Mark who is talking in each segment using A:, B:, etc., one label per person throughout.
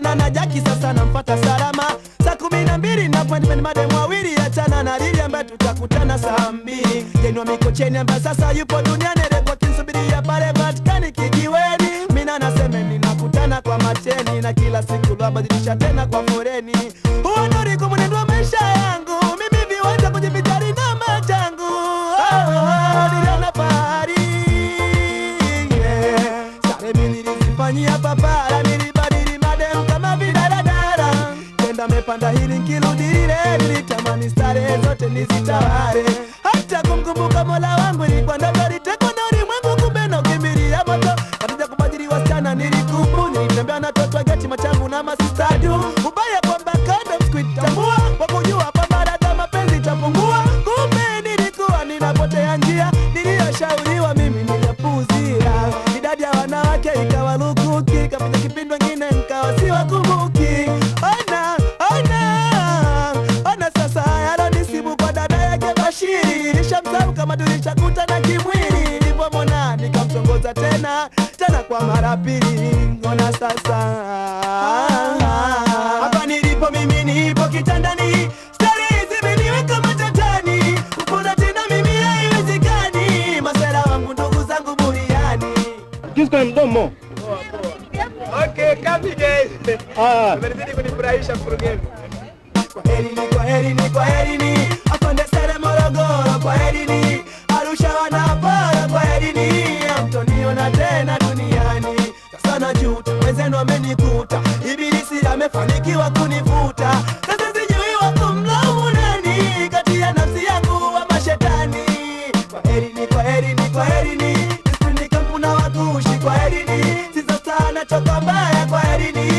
A: achana na Jaki, sasa nampata salama saa kumi na mbili na appointment madem wawili, achana na Lili ambaye tutakutana saa mbili. Jainua Mikocheni ambaye sasa yupo duniani rekodi nsubiria pale Vatikani kijiweni, mina naseme ninakutana kwa mateni na kila siku lwabadilisha tena kwa foreni. Huo ndo riko mwenendo wa maisha yangu mimi, viwanja kujivitari na matangu oh, oh, oh, niliona fahari yeah. Sare mimi nilizifanyia papara nikirudi lile nilitamani starehe zote nizitaware hata kumkumbuka Mola wangu nilikuwa kama tulichakuta na kimwili, nilipomona nikamsongoza tena tena kwa mara pili. Ngona sasa hapa nilipo mimi, nipo kitandani
B: kwenye mdomo.
C: Okay, kapige. Ah.
A: Kwa heri ni kwa heri ni kwa heri ni kwaherini, kwaherini, kwaherini, Yesu ni kampuna kwaherini, siza sana kwaherini.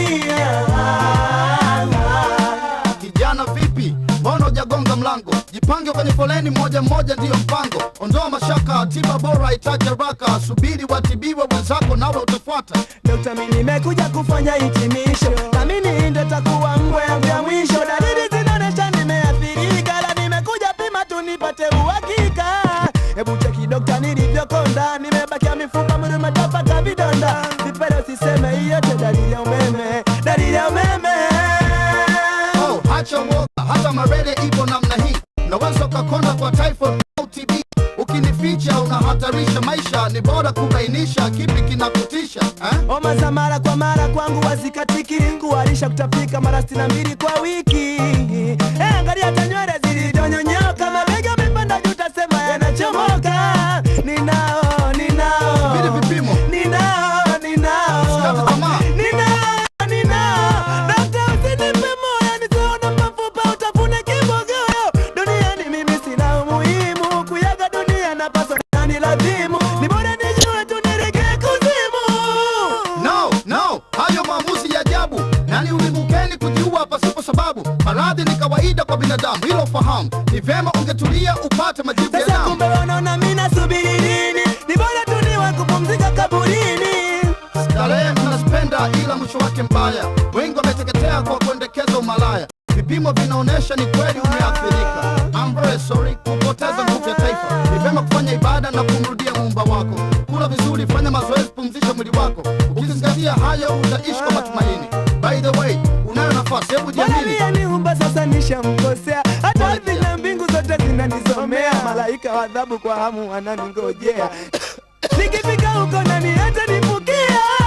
D: Kijana vipi, mbona hujagonga mlango? Jipange kwenye foleni moja mmoja ndiyo mpango. Ondoa mashaka, tiba bora itaje haraka, subiri watibiwe wenzako, nawe utafuata.
A: Dokta, mimi nimekuja kufanya hitimisho, naamini ndio takuwa ngwe ya mwisho, dalili nilivyoko ndani, nimebakia mifupa, mwili umetapaka vidonda, vipele usiseme, hiyo ndio dalili ya umeme, dalili ya umeme.
D: Oh, hacha woga, hata marele ipo namna hii, naweza ukakonda kwa typhoid au TB. Ukinificha unahatarisha maisha, ni bora kubainisha kipi kinakutisha eh?
A: Homa za mara kwa mara kwangu wazikatiki, kuharisha kutapika mara sitini na mbili kwa wiki eh, angalia tanywele ninao, ninao. Vile vipimo. Ninao, ninao.
D: Usikate tamaa.
A: Ninao, ninao. Dokta usinipe moyo, nitaona mafupa utafuna kibogoyo. Duniani mimi sina umuhimu, kuyaga dunia napaswa
D: kwa binadamu, hilo fahamu. Ni vema ungetulia upate majibu ya damu.
A: Kumbe wanaona mimi nasubiri lini? Ni bora tu niwe kupumzika kaburini.
D: Starehe mnazipenda, ila mwisho wake mbaya. Wengi wameteketea kwa kuendekeza umalaya. Vipimo vinaonyesha ni kweli umeathirika. I'm very sorry kupoteza nguvu ya taifa. Ni vema kufanya ibada na kumrudia muumba wako. Kula vizuri, fanya mazoezi, pumzisha mwili wako. Ukizingatia hayo, utaishi kwa matumaini. By the way, unayo nafasi, hebu jiamini
A: kwamba sasa nishamkosea, hata ardhi na mbingu zote zinanisomea, malaika wadhabu kwa hamu wananingojea nikifika huko nani hata nifukia